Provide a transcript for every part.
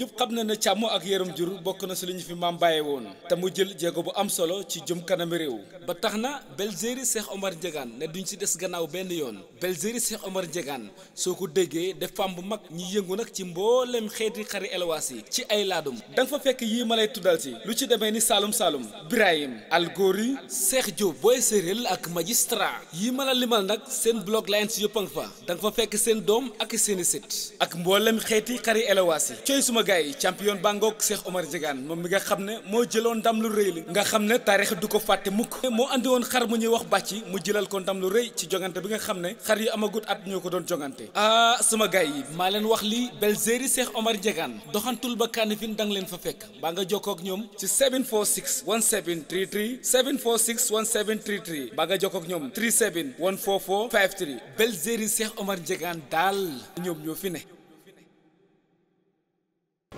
jëf xam na ne càmm ak yaram jur bokk na si lu ñu fi maam bàyyee woon te mu jël jéego bu am solo ci jëm kanam réew ba tax na Belgérie Cheikh Omar Diegane ne duñ si des gannaaw benn yoon Belgérie Cheikh Omar Diegane soo ko déggee def fam bu mag ñi yëngu nag ci mboolem xeeti xari elwaas yi ci ay laadum da fa fekk yii ma lay tuddal si lu ci demee ni Saloum Saloum Birahim Algori Cheikh Diop booy séréel ak magistrat yii ma la limal nag seen blog line si yëpp a nga fa fekk seen ak seeni sit ak mboolem xeeti xari elwaas yi cooy suma yi champion bangook Cheikh Omar Diegane moom mi nga xam ne moo jëloon ndam lu rëy li nga xam ne taarix du ko fàtte mukk moo andi woon xar mu ñuy wax bàcci mu jëlal ko ndam lu rëy ci jongante bi nga xam ne xar yu amagut at ñoo ko doon jongante ah sama gars yi maa leen wax li Belzéri Cheikh Omar Diegane doxantul ba Kanifing da nga leen fa fekk baa nga jokkoo ak ñoom ci 746 1733 746 1733 baa nga jokkoo ak ñoom 37 144 53 Belzéri Cheikh Omar Diegane daal ñoom ñoo fi ne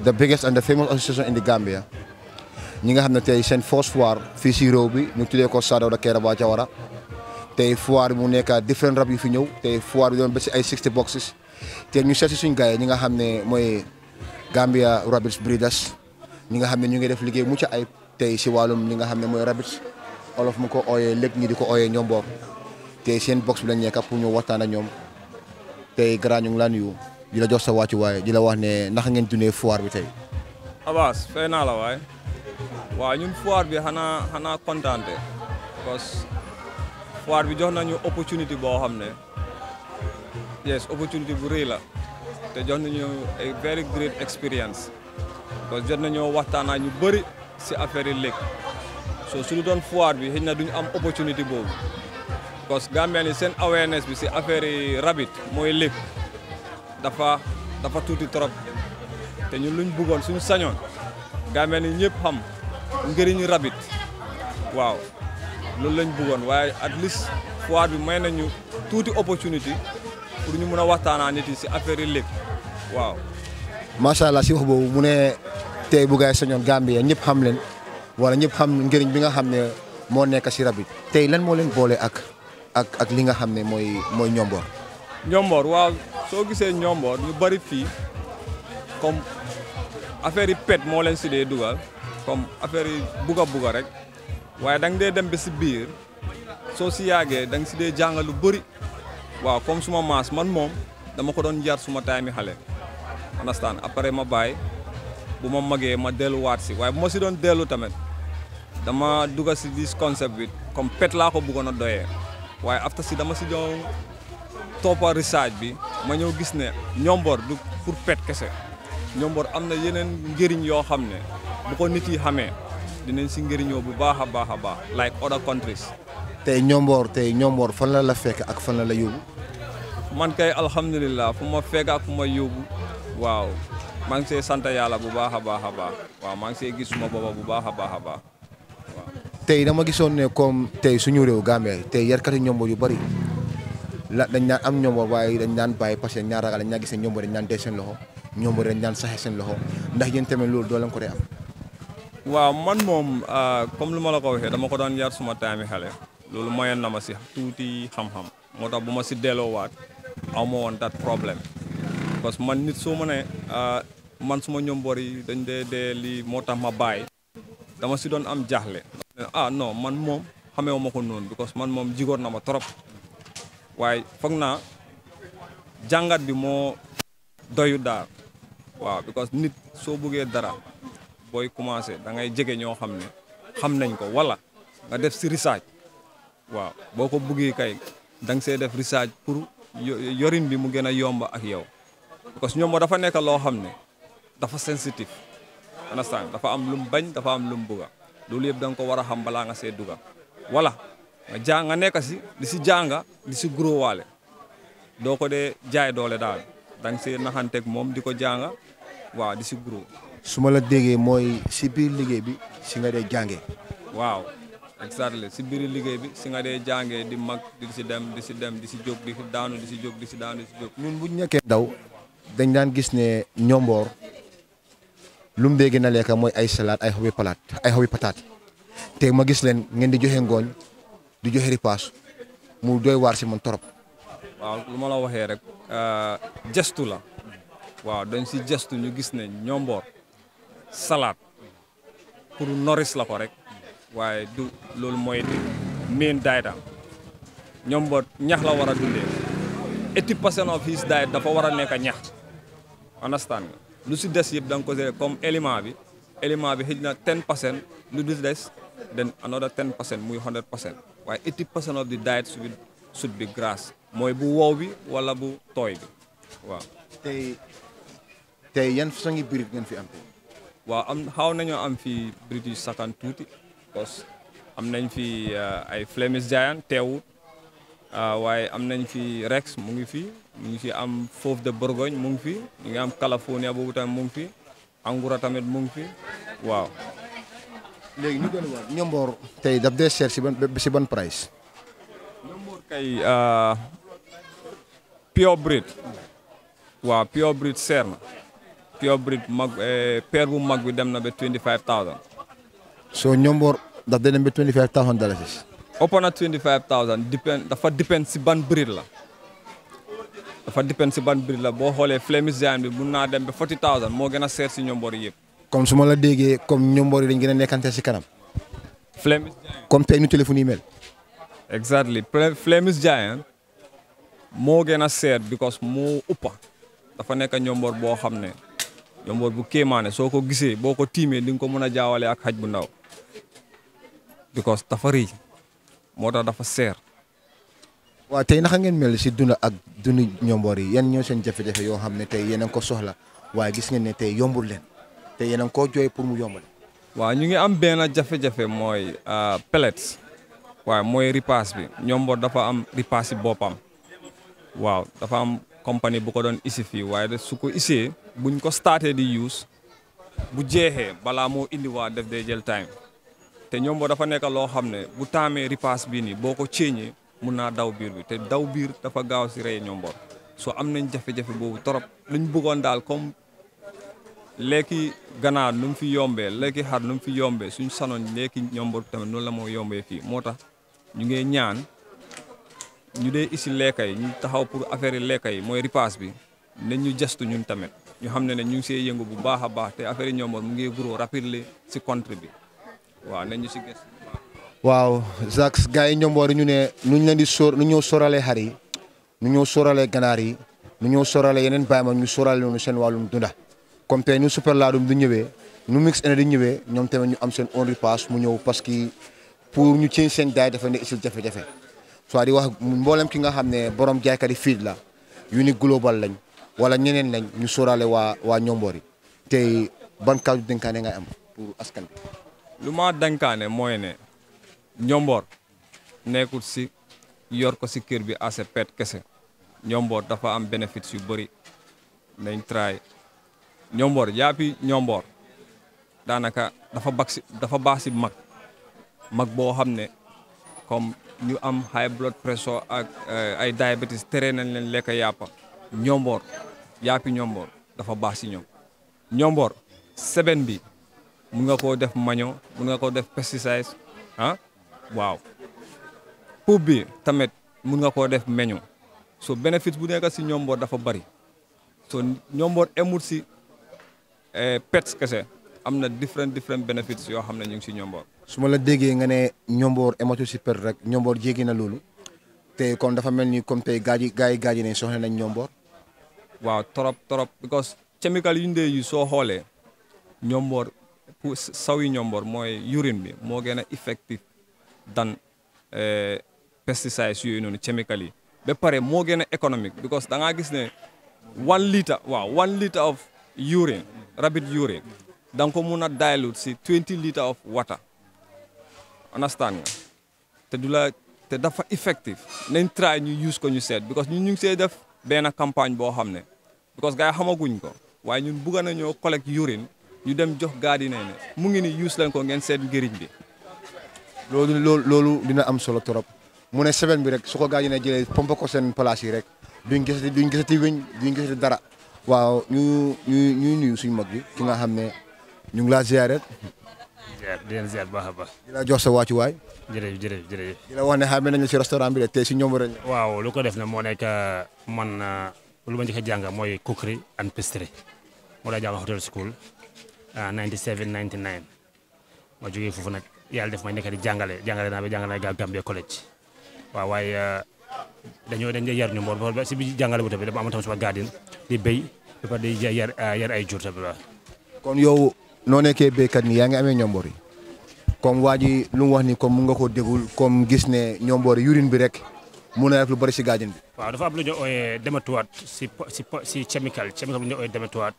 the biggest and the famous association in the Gambia ñi nga xam ne tey seen first foire fii si réew bi ñu tuddee ko ba ci wara. Tay foire mu nekk different rap yu fi ñew, tay foire doon ba si ay 60 boxes te ñu seet si suñu gaay ñi nga ne Gambia Rabbits Breeders ñi nga xam ne ñu ngi def liggéey ci ay tay ci walum ñi nga xam ne rabbits olof mu ko oyé léeg ñi diko oyé ñom ñomboor Tay sen box bi lañ nekk pour ñu waxtaan ak ñoom grand ngi lan yu di jox sa wàccuwaay di la wax ne ndax ngeen dundee foire bi tey. Abass fay naa la waay waaw ñun foire bi xanaa xanaa kontaante parce que bi jox nañu opportunité boo xam ne yes opportunité bu rëy la te jox nañu ay very great experience parce que jot nañoo waxtaanaa ñu bëri si affaire yi léegi soo suñu doon foire bi xëy na duñu am opportunité boobu parce que Gambien seen awareness bi si affaire yi rabbit mooy léegi. dafa dafa tuuti trop te ñun luñ buggoon suñu sañoon Gambie ni ñëpp xam njëriñu rabbit waaw loolu lañ buggoon waaye at least foire bi may nañu tuuti opportunité pour ñu mun a waxtaanaa nit si affaire yi waaw. macha allah si wax boobu mu ne tey bu sañoon Gambie ñëpp xam leen wala ñëpp xam njëriñ bi nga xam ne moo nekk si rabbit tey lan moo leen boole ak ak ak li nga xam ne mooy mooy ñomboor. ñomboor waaw. soo gisee ñomboor ñu bari fii comme affaire yi pet moo leen si dee dugal comme affaire yi buga buga rek waaye da nga dee dem ba si biir soo si yàggee danga si dee jàngal lu bëri waaw comme suma maas man moom dama ko doon jar suma taay mi xale. understand après ma bàyyi bu ma magee ma delluwaat si waaye bu ma si doon dellu tamit dama dugal si dis concept bi comme pet laa ko bëggoon a doyee waaye after si dama si doon toppa research bi. ma ñëw gis ne ñomboor du pour pet kese ñomboor am na yeneen njëriñ yoo xam ne bu ko nit yi xamee dinañ si njëriñoo bu baax a baax a baax like other countries tey ñomboor tey ñomboor fan la la fekk ak fan la la yóbbu man kay alhamdulilah fu ma fekk ak fu ma yóbbu waaw maa ngi see sant yàlla bu baax a baax a baax waaw maa ngi see gis suma booba bu baax a baax a baax waaw tey dama gisoon ne comme tey suñu réew Gambie tey yarkati ñomboor yu bari la dañ daan am ñoom waaye dañ daan bàyyi que ñaar ragal dañ daan gis ne ñoom dañ daan dee seen loxo ñoom seen loxo ndax yéen tamit loolu doo ko dee waaw man moom ah, comme lu ma la ko dama ko daan yar suma taami xale loolu mayoon na ma si tuuti xam moo tax bu ma si delloowaat aw ma woon problème parce que man nit soo ma ne ah, man suma ñomboor yi dañ dee dee lii moo tax ma bàyyi dama si doon am jaaxle ah non man moom xamee wu ma ko noonu because man moom jigoor na ma trop waaye foog naa jàngat bi moo doyu daar waaw because nit soo bëggee dara booy commencé da ngay jege ñoo xam ne xam nañ ko wala nga def si research waaw boo ko bëggee kay da see def research pour yoriñ bi mu gën a yomb ak yow because ñoom dafa nekk loo xam ne dafa sensitif understand dafa am lu mu bañ dafa am lu mu bëgg loolu yëpp danga ko war a xam balaa nga see dugal wala nga jàng nga nekk si di si jànga di si guroowaale doo ko dee jaay doole daal danga see naxanteeg moom di ko jànga waaw di si guro su ma la déggee mooy si biir liggéey bi si nga dee jàngee waaw exactement si biir liggéey bi si nga dee jàngee di mag di si dem di si dem di si jóg di daanu di si jóg di si daanu di si jóg ñun bu ñu dañ daan gis ne ñomboor lu mu dee na a lekk mooy ay salade ay xobi palaat ay xobi pataat te ma gis leen ngeen di joxe ngooñ di joxe ripaas mu doy waar si man trop. waaw lu ma la waxee rek euh, gestu la waaw dañ si gestu ñu gis ne ñomboor salaat pour noris la ko rek waaye du loolu mooy di main diet am ñax la war a dundee eighty percent of his dafa war a nekk ñax understand nga lu si des yëpp da nga ko see comme élément bi élément bi xëj na ten percent lu du des then another ten percent muy hundred percent waaye eighty percent of the diet should be grass mooy bu wow bi wala bu tooy bi waaw. tey tey yan façon yi biir ngeen fi am tey. waaw am xaw nañoo am fi British sakan tuuti parce que am nañ fi eh, ay Flemish Giant teewut ah, waaye am nañ fi Rex mu ngi fi mu ngi fi am Fauve de Bourgogne mu ngi fi ñu ngi am California boobu tamit mu ngi fi Angora tamit mu ngi fi waaw. léegi ñu ñomboor tey daf dee cher si ban si ban price. ñomboor kay euh, pure waaw pure breed cher na pure breed mag eh, paire bu mag bi dem na ba 25000. soo ñomboor daf dee dem ba 25000 dalasis. ëpp na 25000 depend dafa depend si ban breed la. dafa depend si ban breed la boo xoolee Flemish Giant bi mun naa dem ba 40000 moo gën a cher si ñomboor yëpp. comme su ma la déggee comme ñoom yi dañ gën a nekkante si kanam. Flemish Giant comme tey nu téléphone yi mel. exactly Flemish ah, Giant moo gën a seet because moo ëppa dafa nekk ñomboor boo xam ne ñomboor bu kéemaane soo ko gisee boo ko tiimee di nga ko mën a jaawale ak xaj bu ndaw because dafa rëy moo tax dafa seer. waaw tey naka ngeen mel si dund ak dund ñomboor yi yan ñoo seen jafe-jafe yoo xam ne tey yéen ko soxla waaye gis ngeen ne tey yombul leen. te yéen a ngi koo jooy pour mu yombal. waaw ñu ngi am benn jafe-jafe mooy euh, pellets waaye mooy ripaas bi ñoom dafa am ripaas yi boppam waaw dafa am compagnie bu ko doon isi fii waaye de su ko bu buñ ko startee di use bu jeexee balaa moo indi waa def day jël time te ñoom boo dafa nekk loo xam ne bu taamee ripaas bii nii boo ko ceeñee mun naa daw biir bi te daw biir dafa gaaw si rey ñoom soo am nañ jafe-jafe boobu torop lañ bëggoon daal comme léegi ganaar nu mu fi yombee léegi xar nu fi yombee suñ sanoon léegi ñombor tamit noonu la moo yombee fii moo tax ñu ngi ñaan ñu dee isi lekka yi ñu taxaw pour affaire yi lekka yi mooy ripaas bi nañ ñu gestu ñun tamit ñu xam ne ne ñu ngi see yëngu bu baax a baax te affaire yi ñombor mu ngi grow rapidement si contre bi waaw nañ ñu si gestu waaw Jacques gars yi ñomboor yi ñu ne nuñ leen di sóor nu ñoo soralee xar yi nu ñoo sóoralee ganaar yi nu ñoo sóoralee yeneen bàyyi ma ñu sóoralee noonu seen wàllum dunda comme tey ni super laadum du ñëwee nu mix ene di ñëwee ñoom tamit ñu am sen on repasse mu ñëw parce que pour ñu ciñ seen daay dafa nekk si jafe-jafe soit di wax mboolem ki nga xam borom jaaykat yi la global lañ wala ñeneen lañ ñu sóoraale wa wa nyombori, yi tey ban kàddu dénkaane ngay am pour askan bi. lu ma dénkaane mooy ne ñomboor si yor ko si kër bi pet kese nyombor dafa am bénéfice yu bëri nañ try ñomboor yaapi ñomboor daanaka dafa baax si dafa baax si mag mag boo xam ne comme ñu am high blood pressure ak eh, ay diabetes tere nañ leen lekk yàppa ñomboor yaapi ñomboor dafa baax si ñoom ñomboor seben bi mun nga koo def maño mun nga koo def pesticide ah waaw puub bi tamit mun nga koo def meño so bénéfice bu nekk si ñomboor dafa bari so ñomboor emul si Eh, pets kese am na different different benefits yoo xam ne ñu ngi si ñomboor. su ma la déggee nga ne ñomboor ematu si per rek ñomboor jéggi na loolu te kon dafa mel ni comme tey gaa yi gaa yi gaa yi nañ soxla nañ ñomboor. waaw trop trop because chemical yu ñu dee yu soo xoolee ñomboor pour saw yi ñomboor mooy urine bi moo gën a effective dan eh, pesticides yooyu noonu chemical yi ba pare moo gën a économique because da ngaa gis ne one litre waaw one litre of. urine, rabbit urine, dan ko mun dilute si 20 liter of water. Understand nga? Te du te dafa effective. Nañ try new use ko you said, because new ñu say see def benn campagne because gaya hamo xamaguñ ko waaye buga bugga nañoo collect urine you dem jox gadi ne mungkin use lang ko ngeen said njëriñ bi. Lolo, lolo, lolo, dina am solo torop. Mune seven birek, bi gadi su ko gardien jëlee pompe ko seen place yi rek wing, dara. waaw ñu ñu ñu nuyu suñu mag bi ki nga xam ne ñu ngi laa ziare. ziar di leen ziar baax a baax. di la jox sa waa ci waay. jërëjëf jërëjëf jërëjëf. di la wax ne xamee nañu si restaurant bi de tey si ñoom rek. waaw lu ko def na moo nekk uh, man uh, lu ma njëkk a jàng mooy cookery and pastry moo daa jàng hotel school 97 uh, 99 ma jógee foofu nag yàlla def may nekk di jàngale jàngale naa ba jàngale naa Gambia college waaw waaye. dañu dañ day yar ñu mbool ba ci bi jàngale bu bi dafa am tam suma garden di bay dafa di yar yar ah, ay jurta bi waaw. kon yow noo nekkee béykat ni ya nga amé ñombor yi comme waji lu wax ni comme mun nga ko degul comme gis né ñombor yi bi rek mu na def lu bari ci garden bi. wa dafa am lu ñu oyé dematuat si si si chemical chemical bu ñu oyé dematuat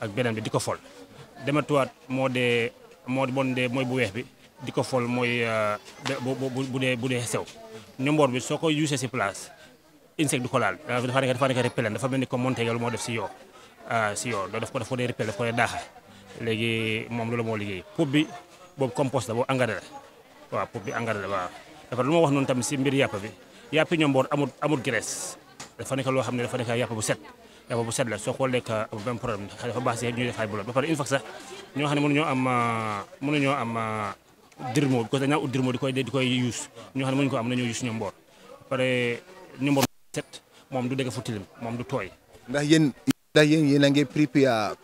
ak benen bi diko fol dematuat modé dee bon bu wéx bi di fol moy eh, bu bu bu dee sew nimboor bi soko yusé ci place insect du ko laal dafa nekk dafa nekk repel dafa mel ni ko montégal mo def ci yo ah ci yo do def ko dee repellent ko daaxa légui mom lolu mo liggéey puub bi bob compost la bo engrais la wa puub bi engrais la wa dafa lu ma wax non tam ci mbir yapp bi ñom ñomboor amul amul graisse dafa nek lo xam ne dafa nek yapp bu set yapp bu set la soo ko lekk ben problème dafa baax ci ñu def ay lo ba pare une fois sax ño xam mënu mënuñoo am ah, mënuñoo am ah, dirmo parce di koy di ñoo xam ne mënuñu ko am nañoo yuus ñoom mboor pare numéro 7 moom du dégg fu tilim moom du tooy. ndax yéen ndax yéen yéen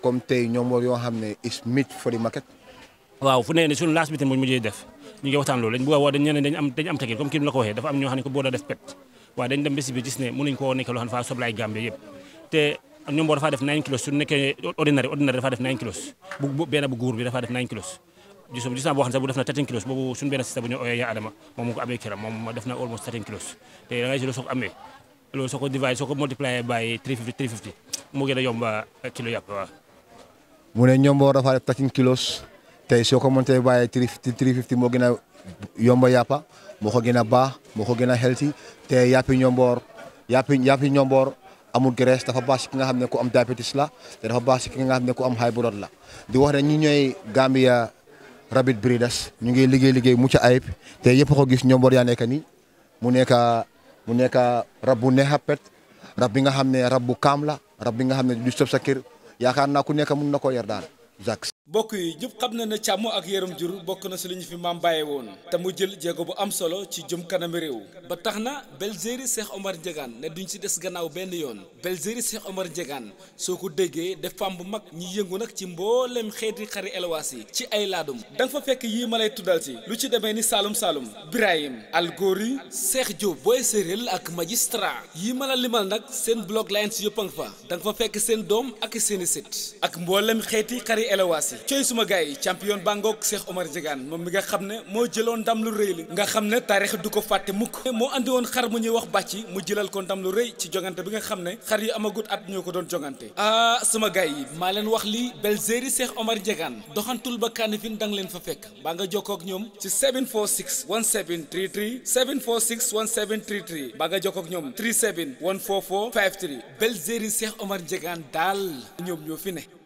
comme tey ñoom yoo xam ne is meat for the market. waaw fu ne ne suñu last meeting bu ñu mujjee def ñu ngi waxtaan loolu lañ bëgg a woo dañ ñeneen dañ am dañ am teggin comme kii la ko waxee dafa am ñoo xam ne ko boo da def pet waaye dañ dem bési bi gis ne mënuñ koo nekk loo xam ne faa soblaay Gambie yëpp te ñoom mboor def 9 kilos su nekkee ordinaire ordinaire dafaa def kilos jusam jusam boo xam ne sax bu def na kilos boobu suñu benn sista bu ñu yaa Adama moom mu amee kiram moom def na almost kilos te soo ko amee baay soo ko divide soo moo gën a yomba yàppa moo ko gën a baax moo ko gën a healthy te yàppi ñomboor yàppi yàppi ñomboor amul graisse dafa baax si ki nga xam ne ku am la te dafa ki nga xam ne high blood la di wax ne ñi ñooy Gambia Rabbit Breeders ñu ngi liggéey liggéey mucc ayib te yëpp ko gis ñoom war yaa ni mu nekk mu nekk rab bu neex a pet rab bi nga xam ne rab bu kaam la rab bi nga xam ne du sëb sa kër yaakaar naa ku nekk mun na koo yar daal mbokk yi ñëpp xam na ne càmm ak yaram jur bokk na si li ñu fi maam bàyyee woon te mu jël jéego bu am solo ci jëm kanam réew ba tax na Belgéri Cheikh Omar Diegane ne duñ si des gannaaw benn yoon Belgéri Cheikh Omar Diegane soo ko déggee def fam bu mag ñi yëngu nag ci mboolem xeeti xari elwaas yi ci ay laadum da fa fekk yii ma lay tuddal si lu ci demee ni saalum Saloum Saloum Birahim Algori Cheikh Diop booy séréel ak magistrat yii ma la limal nag seen blog lines yëpp a nga fa da fekk seen doom ak seeni sit ak mboolem xeeti xari elwaas si cooy suma gars yi champion bangook Cheikh Omar Diegane moom mi nga xam ne moo jëloon ndam lu rëy li nga xam ne taarix du ko fàtte mukk moo andi woon xar mu ñuy wax bàcci mu jëlal ko ndam lu rëy ci jongante bi nga xam ne xar yu amagut at ñoo ko doon jongante ah suma gars yi maa leen wax li Belzéri Cheikh Omar Diegane doxantul ba Kanifing da nga leen fa fekk baa nga jokkoo ak ñoom ci 746 1733 746 1733 baa nga jokkoo ak ñoom 37 144 53 Belzéri Cheikh Omar Diegane daal ñoom ñoo fi ne